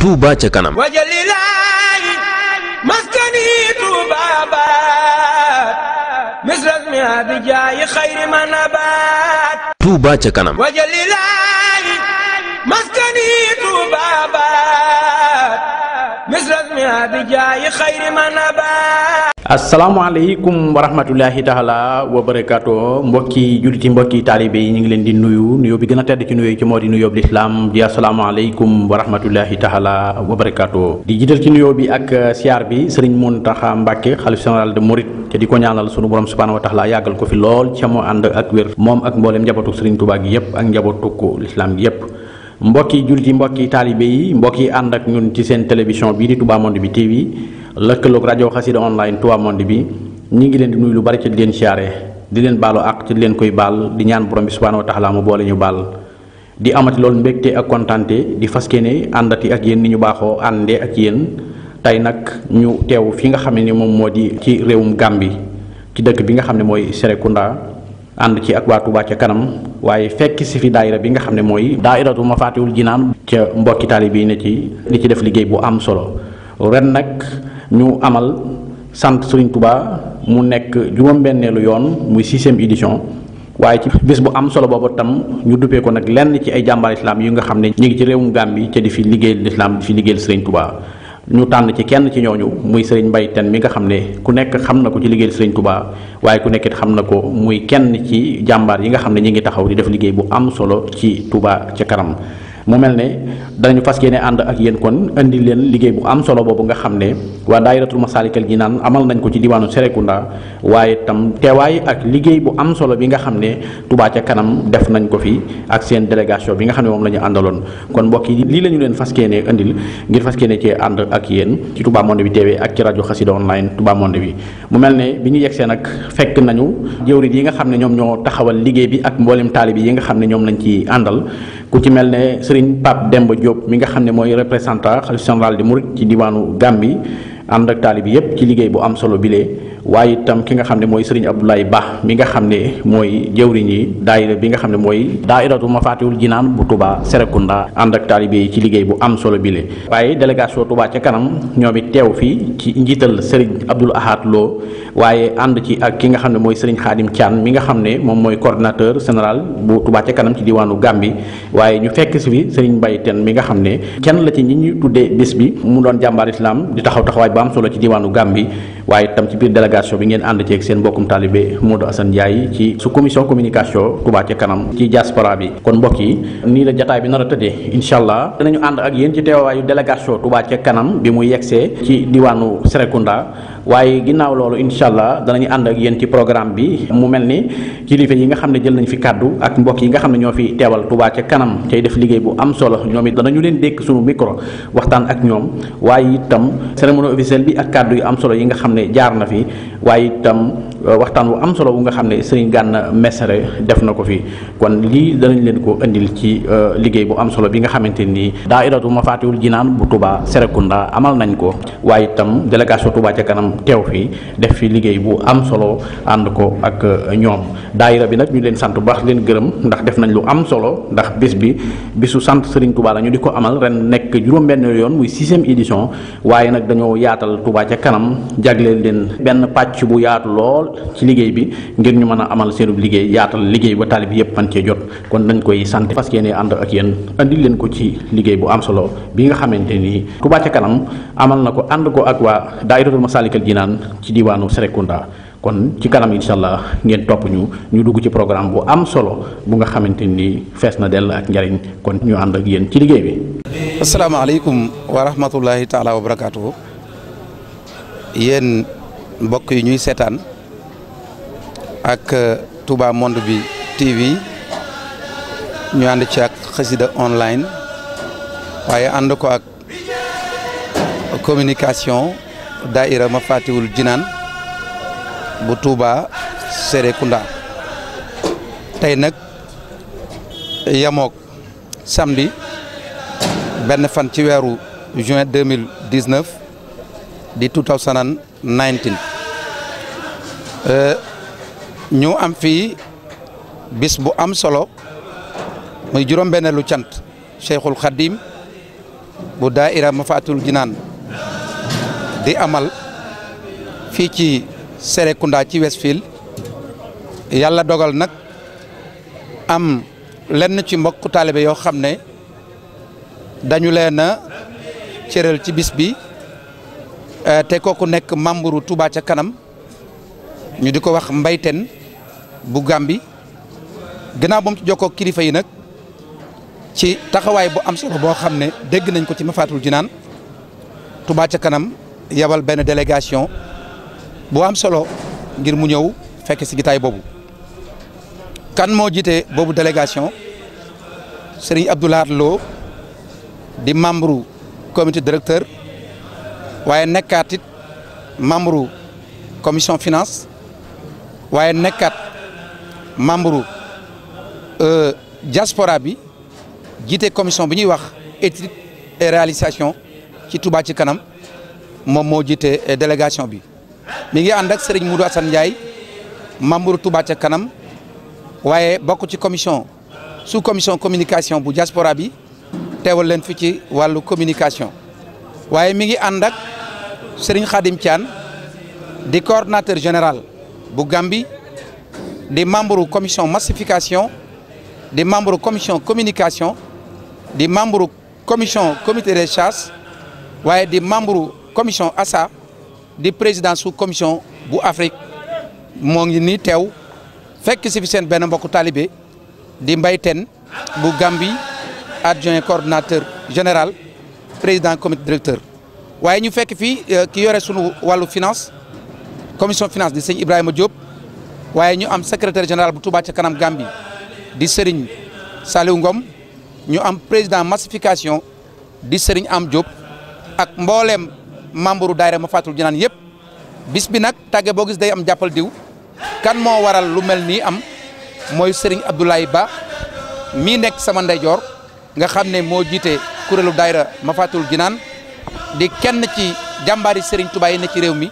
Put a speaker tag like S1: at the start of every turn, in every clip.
S1: Touba kanam
S2: wajalilaahi maskani Touba baat misras mi abijaayi nabaat
S1: Touba kanam
S2: wajalilaahi maskani Touba baat misras mi abijaayi nabaat asalaamaaleykum wa rahmatulahi taala wa barakaatu mbokki julliti mbokki taalibe yi ñu ngi leen di nuyu nuyoo bi gën a tedd ci nuyoo ci moo di nuyoo bi lislaam di asalaamaaleykum wa rahmatulahi taala wa barakaatu di jiital ci nuyoo bi ak uh, siyaar bi sëriñ Muntaxa Mbàkke xalif général de Mouride te di ko ñaanal sunu borom subhaanahu wa taala yàggal ko fi lool ca moo ànd ak wér moom ak mbooleem njabootu sëriñ Tuubaa gi yépp ak njabootu lislaam gi yépp mbokki julliti mbokki taalibe yi mbokki ànd ak ñun ci seen télévision bii di Touba Monde bi TV lëkkaloog rajo xasida online tuwa Monde bi ñi ngi leen di nuyu lu bari ci di leen siyaare di leen baalu ak ci di leen koy baal di ñaan borom bi subhanahu wa taala mu boole ñu baal di amati loolu mbégte ak kontante di faskene andati ak yeen ni ñu baaxoo àndee ak yeen tey nag ñu teew fi nga xam ne moom moo di ci réewum gambi ci dëkk bi nga xam ne mooy serekunda ànd ci ak waa Touba ca kanam waaye fekk si fi daayira bi nga xam ne mooy daairatu mafaatiwul jinaan ca mbokki ne ci li ci def liggéey bu am solo ren nag ñu amal sant Serigne Touba mu nekk juróom-benneelu yoon muy sixième édition waaye ci bés bu am solo boobu tam ñu duppee ko nag lenn ci ay jàmbaar islam yi nga xam ne ñu ngi ci réewum Gàmbi ca di fi liggéeyal lislaam di fi liggéeyal Serigne Touba. ñu tànn ci kenn ci ñooñu muy seriñ Mbaye Tène mi nga xam ne ku nekk xam na ko ci liggéeyal Serigne Touba waaye ku nekkit xam na ko muy kenn ci jàmbaar yi nga xam ne ñu ngi taxaw di def liggéey bu am solo ci Touba ca kanam. mu mel ne danañu fas yéene ànd ak yéen kon indi leen liggéey bu am solo boobu nga xam ne waa daayiratul Masaalikal naan amal nañ ko ci diwaanu Serekunda waaye tam teewaay ak liggéey bu am solo bi nga xam ne tubaa ca kanam def nañ ko fi ak seen délégation bi nga xam ne moom la ñu àndaloon kon mbokk yi lii la ñu leen fas yéene indil ngir fas yéene cee ànd ak yéen ci Touba Monde bi TV ak ci rajo Xassida online Touba Monde bi mu mel ne bi ñu yegsee nag fekk nañu jëwrit yi nga xam ne ñoom ñoo taxawal liggéey bi ak mboolem taalib yi nga xam ne ñoom lañ ci àndal ku ci mel ne Serigne Pape Demba Diop mi nga xam ne mooy représentant xalif général di Mouride ci diwaanu Gambie ànd ak taalibe yépp ci liggéey bu am solo bilee waaye itam ki nga xam ne mooy sëriñ Abdoulaye Ba mi nga xam ne mooy jëwriñ yi daayira bi nga xam ne mooy daayiratu Mafaatihul Jinaan bu Touba Serekunda ànd ak taalibe yi ci liggéey bu am solo bile waaye délégation tubaa ca kanam ñoom it teew fii ci njiital sëriñ Abdoul Ahad Lo waaye ànd ci ak ki nga xam ne mooy sëriñ Xaadim Thian mi nga xam ne moom mooy coordinateur général bu Touba ca kanam ci diwaanu Gàmbi waaye ñu fekk si fi sëriñ Mbaye Ten mi nga xam ne kenn la ci ñi ñu tuddee bis bi mu doon jàmbaar islam di taxaw taxawaay bu am solo ci diwaanu Gàmbi waaye tam ci biir délégation bi ngeen ànd ceeg seen mbokkum taalibe Modou Assane Ndiaye ci su commission communication Touba ca kanam ci diaspora bi kon mbokk yi nii la jataay bi nar a tëddee incha allah dinañu ànd ak yéen ci teewaayu délégation Touba ca kanam bi mu yegsee ci diwaanu Serekunda waaye ginnaaw loolu incha allah danañu ànd ak yéen ci programme bi mu mel ni kilifa yi nga xam ne jël nañ fi kàddu ak mbokk yi nga xam ne fi Touba kanam cay def liggéey bu am solo ñoom it danañu leen dékk suñu micro waxtaan ak ñoom waaye itam cérémonie officielle bi ak kàddu yu am solo yi nga xam jaar na fi itam Euh, waxtan wu am solo wu nga xamne serigne sëriñ messere mesere def nako fi kon li leen ko andil ci euh, liggey bu am solo bi nga xamanteni dairatu mafatihul jinan bu tuba serekunda amal nañ ko waye tam delegation tuba ci kanam tew fi def fi liggey bu am solo and ko ak euh, ñom daaira bi nak ñu leen sante bax leen ndax def nañ lu am solo ndax bis bi bisu sante serigne tuba la ñu di amal ren nek juroom ben yoon muy 6e édition waye nak dañoo yaatal tuba ci kanam jaglel leen ben patch bu yaatu lol ci liggéey bi ngir ñu mën a amal seenu liggéey yaatal liggéey ba talib yépp man cee jot kon dañ koy sant parce que yéen ànd ak yéen andi leen ko ci liggéey bu am solo bi nga xamante ni Touba ca kanam amal na ko ànd ko ak waa daayiratul masalikal jinaan ci diwaanu Serekunda kon ci kanam insha allah ngeen topp ñu ñu dugg ci programme bu am solo bu nga xamante ni fees na dell ak njariñ kon ñu ànd ak yéen ci liggéey bi asalaamaaleykum
S3: wa rahmatullahi taala wa barakatuh yéen mbokk yi ñuy seetaan ak euh, Touba Monde bi TV ñu ànd ci ak xasida online waaye ànd ko ak communication daaira Mafatihul Jinaan bu Touba Serekunda tey nag yamook samedi benn fan ci weeru juin 2019 di 2019 euh ñu am fii bis bu am solo mooy juróom-benneelu cant Cheikhul Khadim bu daaira Mafatul Jinaan di amal fii ci Serekunda ci Westfield yàlla dogal nag am lenn ci mbokk taalibe yoo xam ne dañu leen a cëral ci bis bi eh, te kooku nekk membre Touba ca kanam ñu di ko wax mbayten bu Gàmbi gannaaw ba mu ci jokkoo kilifa yi nag ci taxawaay bu am solo boo xam ne dégg nañ ko ci Mafatul Jinaan Touba ca kanam yabal benn délégation boo am solo ngir mu ñëw fekk si gitaay boobu. kan moo jiite boobu délégation Serigne Abdoulahat Lo di membre comité directeur waaye nekkaatit membre commission finance waaye nekkaat. membre euh, diaspora bi jité commission bi ñuy wax étude et réalisation ci Touba ci kanam mom mo jité euh, délégation bi mi ngi and ak Serigne Moudou Assane membre Touba ci kanam wayé bokku ci commission sous commission communication bu diaspora bi téwal leen fi ci communication wayé mi ngi and ak Serigne Khadim Thian di général bu Gambie des membres commission massification, des membres commission communication, des membres commission comité de chasse, ouais, des membres commission ASA commission bu Afrique présidents ngi la commission de l'Afrique, Gambie adjoint coordinateur général président comité directeur Nous ñu que euh, nous ki finance commission finance de sëñ Ibrahim Diop waye ñu am secrétaire général bu Touba ci kanam Gambie di Serigne Saliou Ngom ñu am président massification di Serigne Am Diop ak mbollem membre daire ma fàttul jinan yep bis bi nak tagge bo gis day am jappal diw kan mo waral lu melni am moy Serigne Abdoulaye Ba mi nek sama ndeyjoor nga xam mo jité kurelu daire ma fàttul jinaan di kenn ci jàmbaari Serigne Touba yi ne ci réew mi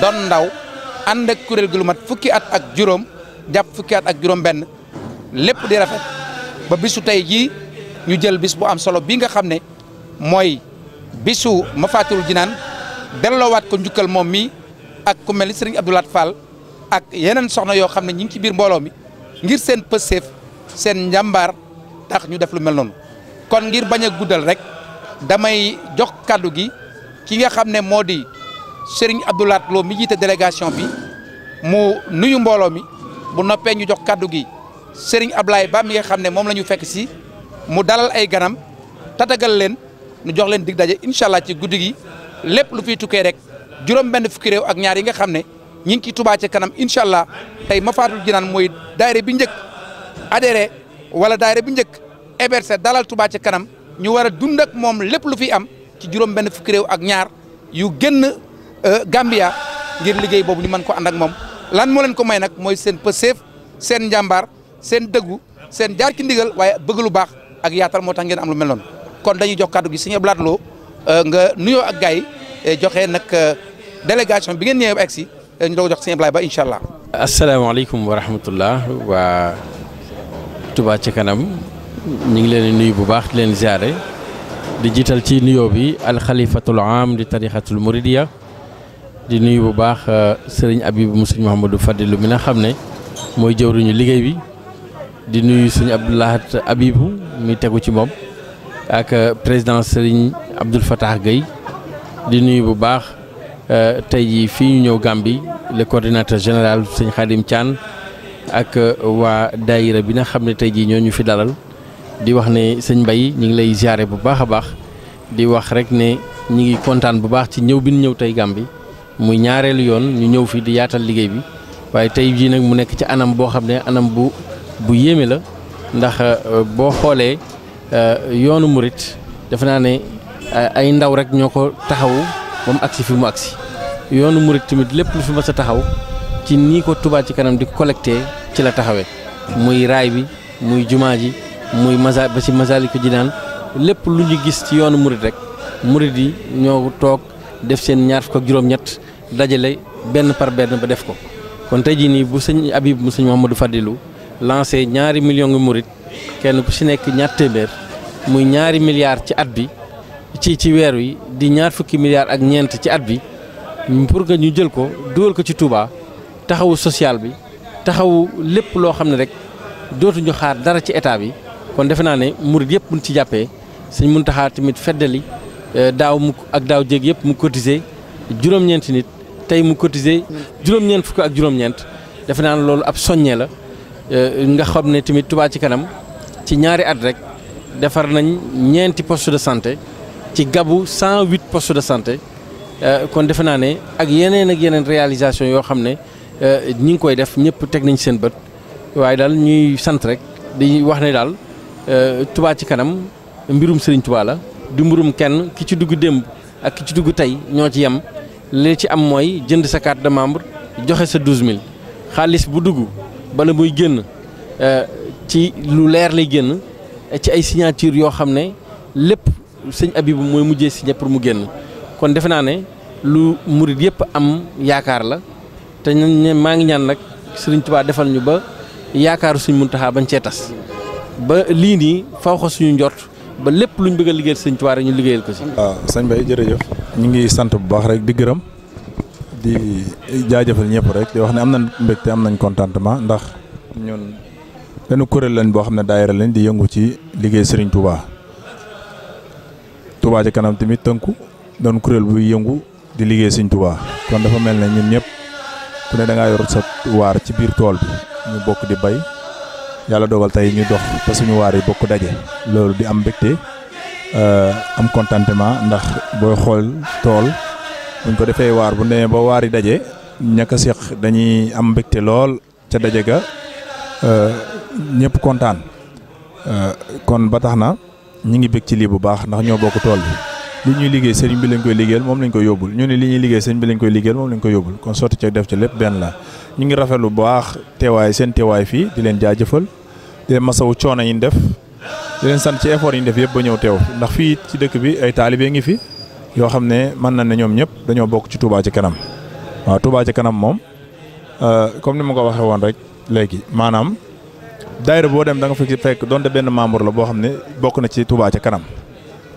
S3: don ndaw andak kurel gu lu mat fukki at ak jurom japp fukki at ak jurom ben lepp di rafet ba bisu tay jii ñu jël bis bu am solo bi nga xamne moy bisu bisu jinan delo wat ko njukkal mom mi ak ku mel Serigne abdoulat Fall ak yenen soxna yo xamne ñing ci bir mbolo mi ngir sen peuf sen njambar tax ñu def lu mel non kon ngir baña guddal rek damay jox kaddu gi ki nga xamne modi Serigne Abdoulaat Lo mi jiite délégation bi mu nuyu mbooloo mi bu noppee ñu jox kàddu gi Serigne ablaay Ba mi nga xam ne moom la ñu fekk si mu dalal ay ganam tatagal leen ñu jox leen dig daje incha allah ci guddi gi lépp lu fiy tukkee rek juróom benn fukki réew ak ñaar yi nga xam ne ñi ngi ciy Touba ca kanam incha allah tey Mafaatul Jinaan mooy daayira bi njëkk adhéré wala daayira bi njëkk héberger dalal Touba ca kanam ñu war a dund ak moom lépp lu fiy am ci juróom benn fukki réew ak ñaar yu génn Euh, Gambia ngir liggey bobu ñu mën ko and ak mom lan mo leen ko may nak moy seen peuf seen jambar seen deggu seen jaar ci ndigal waye bëgg lu baax ak yaatal moo tax ngeen am lu mel noonu kon dañuy jox cadeau gi Serigne bladlo euh, nga nuyo ak gay euh, joxe nak délégation bi ngeen ñëw ak ñu do jox ba inshallah
S4: assalamu alaykum wa rahmatullah wa tuba ci kanam ñi ngi leen nuyu bu baax di leen ziaré di jital ci nuyo bi khalifatul am di tarixatul muridiyah di nuyu bu baax euh, sëriñ Abibu mu sëriñ Mouhamadou Fadilu mi nga xam ne mooy jëwriñu liggéey bi di nuyu sëriñ Abdoulahat Abibu mi tegu ci moom ak euh, président sëriñ Abdoul Fattah Gueye di nuyu bu baax euh, tey jii fii ñu ñëw Gàmbi le coordinateur général sëñ Khadim Thian ak waa daayira bi nga xam ne tey jii ñoo ñu fi dalal di wax ne sëñ mbay ñu ngi lay ziare bu baax a baax di wax rek ne ñu ngi kontaan bu baax ci ñëw bi ñu ñëw tey Gàmbi muy ñaareelu yoon ñu ñëw fi di yaatal liggéey bi waaye tey jii nag mu nekk ci anam boo xam ne anam bu bu yéeme la ndax euh, boo xoolee euh, yoonu murit defe naa ne euh, ay ndaw rek ñoo ko taxawu ba mu agsi fi mu agsi yoonu murit tamit lépp lu fi ma a taxaw ci nii ko Touba ci kanam di collecté ci la taxawee muy raay bi muy jumaa ji muy masa ba ci Masaalikul naan lépp lu ñu gis ci yoonu murit rek murit yi ñoo toog def seen ñaar fukk ak juróom-ñett dajale benn par benn ba def ko kon tey jii nii bu sëñ Abib mu sëñ Mouhamadou Fadilou lancé ñaari million ngi murit kenn ku ci nekk ñaar téeméer muy ñaari milliards ci at bi ci ci weer wi di ñaar fukki milliards ak ñeent ci at bi pour que ñu jël ko dugal ko ci Touba taxawu social bi taxawu lépp loo xam ne rek dootuñu xaar dara ci état bi kon defe naa ne murit yëpp buñ ci jàppee sëñ Muntaxa tamit feddali eh, daaw mu ak daaw jéeg yëpp mu cotisé juróom nit tey mu cotiser juróom-ñeent fukk ak juróom-ñeent defe naa ne loolu ab soññee la euh, nga xam ne tamit Touba ci kanam ci ñaari at rek defar nañ ñeenti poste de santé ci gabu 108 postes de santé euh, kon defe naa ne ak yeneen ak yeneen réalisation yoo xam ne euh, ñi ngi koy def ñëpp teg nañ seen bët waaye daal ñuy sant rek di wax ne daal tubaa ci kanam mbirum Serigne Touba la du mbirum kenn ki ci dugg démb ak ki ci dugg tey ñoo ci yem. li ci am moy jënd sa carte de membre joxe sa 12000 xaliss bu dugg bala muy euh ci lu leer lay génn ci ay signature yo xam lepp seigne sëñ moy mujjé mujjee signé pour mu génn kon defe naa ne lu murit yépp am yaakar la té ñun maa ngi ñaan nak Sëriñ touba defal ñu ba yaakar suñu muntaha bañ ci tass ba li ni faw ko suñu njort ba lépp lu bëgg a liggéeyal sëñ Tuubaa rek ñu liggéeyal ko si.
S1: waaw sëñ Baye jërëjëf ñu ngi sant bu baax rek di gërëm di jaajëfal ñëpp rek di wax ne am nañ mbégte am nañ contentement ndax ñun benn kuréel lañ boo xam ne daayira lañ di yëngu ci liggéey Serigne Touba Touba ci kanam tamit tënku doon kuréel buy yëngu di liggéey sëñ Touba kon dafa mel na ñun ñëpp ku ne da ngaa yor sa waar ci biir tool bi ñu bokk di bay yàlla dogal tey ñu dox te suñu waar yi bokk daje loolu di am mbégte euh, am contentement ndax booy xool tool buñ ko defee waar bu demee ba waar yi daje ñàkk a seq dañuy am mbégte lool ca daje ga euh, ñëpp kontaan euh, kon ba tax ñi ngi bég ci lii bu baax ndax ñoo bokk tool bi. li ñuy liggéey sëriñ bi lañ koy liggéeyal moom lañ koy yóbbul ñu ne li ñuy liggéey sëriñ bi lañ koy liggéeyal moom lañ koy yóbbul kon sotti ceeg def ci lépp benn la ñu ngi rafet lu baax teewaay seen teewaay fii di leen jaajëfal di leen masawu coono yi ñu def di leen sant ci effort yi ñu def yëpp ba ñëw teew ndax fii ci dëkk bi ay taalibe ngi fi yoo xam ne mën na ne ñoom ñëpp dañoo bokk ci Touba ci kanam waaw Touba ci kanam moom euh, comme ni ma ko waxee woon rek léegi maanaam daayira boo dem da nga fekk donte benn membre la boo xam ne bokk na ci Touba ci kanam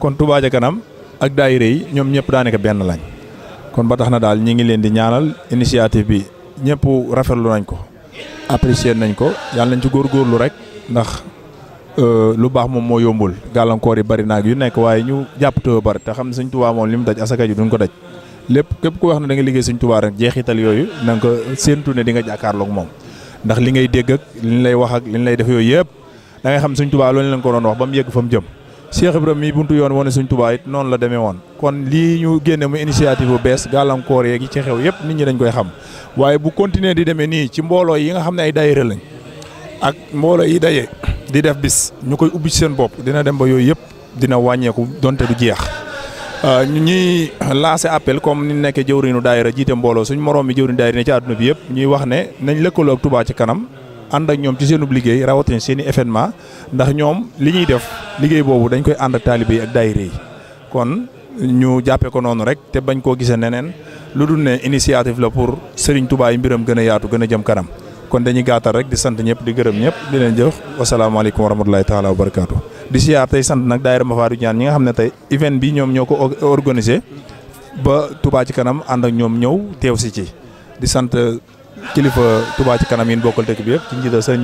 S1: kon Touba ci kanam ak daayira yi ñoom ñëpp daanaka benn lañ kon ba taxna na daal ñi ngi leen di ñaanal initiative bi ñëpp rafetlu nañ ko apprécier nañ ko yalla nañ ci góorgóorlu rek ndax euh, lu bax mom mo yombul galankor yi bari naag yu nekk waye ñu japp to bar te xam señ Sëñ mom lim daj asaka ji duñ ko daj lepp kep ku wax na da nga liggéey señ Tuubaa rek jeexital yoyu nang ko sentu ne di nga ak mom ndax li ngay dégg ak liñ lay wax ak liñ lay def yoyep da nga xam señ loñ lañ ko doon wax bam yegg fam jëm Cheikh Ibrahima mii buntu yoon wane suñ Tuubaa it noonu la deme woon kon lii ñu génne mu initiative bu bees gàllankoor yeeg yi ci xew yëpp nit ñi dañ koy xam waaye bu continuer di demee nii ci mbooloo yi nga xam ne ay daayira lañ ak mbooloo yi daje di def bis ñu koy ubbi ci seen bopp dina dem ba yooyu yëpp dina wàññeeku donte du jeex. Euh, ñu ñuy lancé appel comme ni nekkee jëwriñu daayira jiite mbooloo suñ moroom mi jëwriñu daayira ne ci àdduna bi yëpp ñuy wax ne nañ lëkkaloo ak ci kanam. ànd ak ñoom ci seenub liggéey rawatina seen i événement ndax ñoom li ñuy def liggéey boobu dañ koy ànd ak taalibe yi ak daayira yi kon ñu jàppee ko noonu rek te bañ koo gisee neneen lu dul ne initiative la pour Serigne tubaay yi mbiram gën a yaatu gën a jëm kanam kon dañuy gàttal rek di sant ñëpp di gërëm ñëpp di leen jëf wasalaamaaleykum wa rahmatulahi taala wa barakaatu. di siyaar tey sant nag daayira Mafadu ñaan ñi nga xam ne tey event bi ñoom ñoo ko organisé ba Touba ci kanam ànd ak ñoom ñëw teew si ci di kilifa tubaa ci kanam yi ñu bokkal dëkk bi yëpp ci njiital sëñ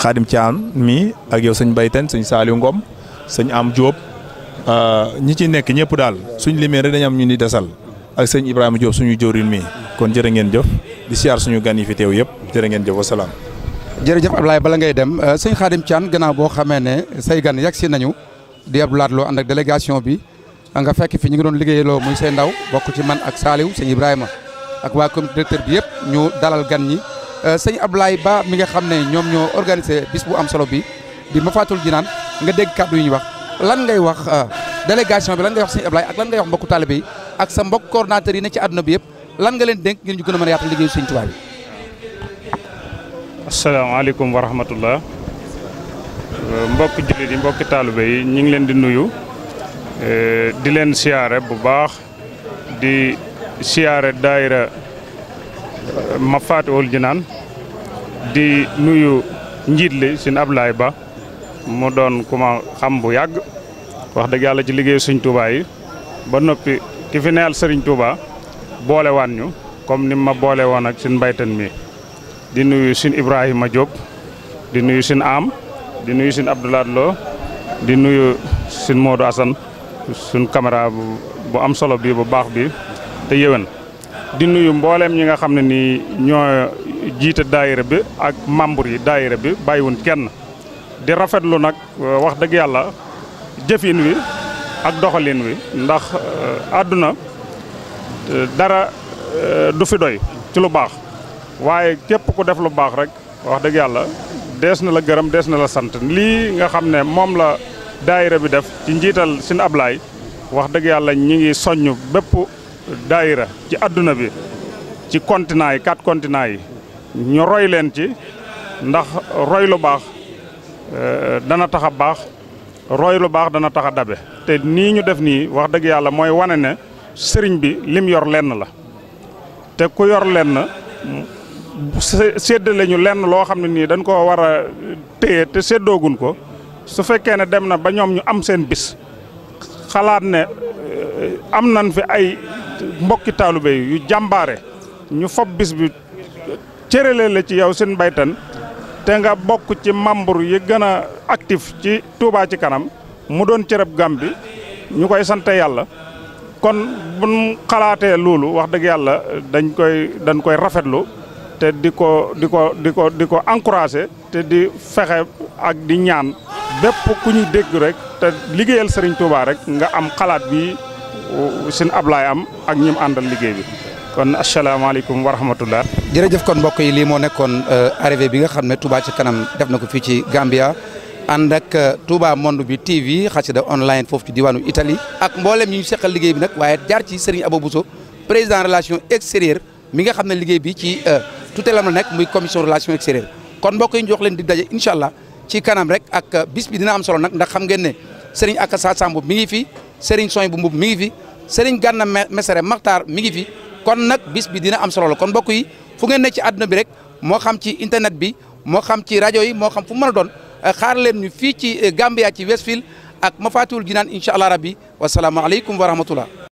S1: Xaadim Thiam mi ak yow sëñ Bayten sëñ Saliou ngoom sëñ Am Diop euh, ñi ci nekk ñëpp daal suñ limee rek dañu am ñu ni desal ak sëñ Ibrahima Diop suñu jëwriñ mi kon jërë ngeen jëf di siyaar suñu gan yi fi teew yëpp jërë ngeen jëf wasalaam.
S3: jërëjëf Ablaye bala ngay dem euh, sëñ Xaadim Thiam gannaaw boo xamee ne say gan yegg si nañu di laat loo ànd ak délégation bi nga fekk fi ñu ngi doon liggéeyaloo muy say ndaw bokk ci man ak Saliou sëñ Ibrahima ak waa comité directeur bi yëpp ñu dalal gan ñi euh, sëñ Abdoulaye Ba mi nga xam ne ñoom ñoo organisé bis bu am solo bi di Mafatul Jinaan nga dégg kàddu yu ñuy wax lan ngay wax euh, délégation bi lan ngay wax sëñ Abdoulaye ak lan ngay wax mbokku taalibe yi ak sa mbokk coordonnateur yi ne ci àdduna bi yëpp lan nga leen dénk ngi ñu gën a mën a yaatal liggéeyu sëñ
S5: Tuubaa bi. Euh, mbokk jullit yi yi ñu ngi leen di nuyu di leen siyaare bu baax di. siyaare daayira Mafatihul Jinaan di nuyu njiit li Sëñ Ablaay Ba mu doon ku xam bu yàgg wax dëgg yàlla ci liggéeyu Sëñ Tuubaa ba noppi ki fi Sëriñ Tuubaa boole waan ñu comme ni ma boole woon ak Sëñ mbaytan mi di nuyu Sëñ Ibrahima Diop di nuyu Sëñ Am di nuyu Sëñ Abdoulaye Lo di nuyu Sëñ Modou Assane suñ caméra bu am solo bii bu baax bi te yewen di nuyu mbollem ñi nga xamne ni ñoo daayira bi ak membre yi daayira bi bayiwun kenn di rafetlu nak euh, wax deug yalla jëfin wi ak doxalin wi ndax aduna euh, euh, dara du fi doy ci lu bax waye kep ku def lu bax rek wax deug yalla na la gërëm dees na la sant Li nga xamne mom la daayira bi def ci njital sin ablay, wax deug yalla ñi ngi soñu bepp daayra ci àdduna bi ci continent yi quatre continent yi ñu roy leen ci ndax roy lu baax euh, dana tax a baax roy lu baax dana tax a dabe te nii ñu def nii wax dëgg yàlla mooy wane ne sëriñ bi lim yor lenn la te ku yor lenn séddale ñu lenn loo xam ne nii dañ ko war a téye te séddoogun ko su fekkee ne dem na ba ñoom ñu am seen bis xalaat ne euh, am nañ fi ay mbokki taalibe yi yu jàmbaare ñu fob bis bi cëralee la ci yow seen baytan te nga bokk ci membre yi gën a actif ci Touba ci kanam mu doon cereb gam bi ñu koy sante yàlla kon buñ xalaatee loolu wax dëgg yàlla dañ koy dañ koy rafetlu te di ko di ko di ko di ko encouragé te di fexe ak di ñaan bépp ku ñu dégg rek te liggéeyal Serigne Touba rek nga am xalaat bi suñ ablaay am ak ñi mu àndal liggéey bi kon asalaamaaleykum wa rahmatullah
S3: jërëjëf kon mbokk yi lii moo nekkoon euh, arrivé bi nga xam ne Touba ci kanam def na ko fii ci Gambia ànd ak euh, Touba Monde bi TV xasida online foofu ci diwaanu itali ak mboolem ñu seqal liggéey bi nag waaye jaar ci Serigne Abou Bousso président relation extérieure mi nga xam ne liggéey bi ci euh, tutelam la nekk muy commission relation extérieure kon mbokk yi ñu jox leen di daje incha allah ci kanam rek ak bis bi dina am solo nag ndax xam ngeen ne Serigne Akassa Samb mi ngi fi. Serigne Soy bu mbub mi ngi fi Serigne Ganna Mesere Maxtaar mi ngi fi kon nag bis bi dina am solo la kon mbokk yi fu ngeen ne ci àdduna bi rek moo xam ci internet bi moo xam ci rajo yi moo xam fu mu doon eh, xaar leen ñu fii ci eh, Gambia ci Westfield ak Mafatihoul Jinane incha allah rabbi wasalaamaaleykum wa rahmatullah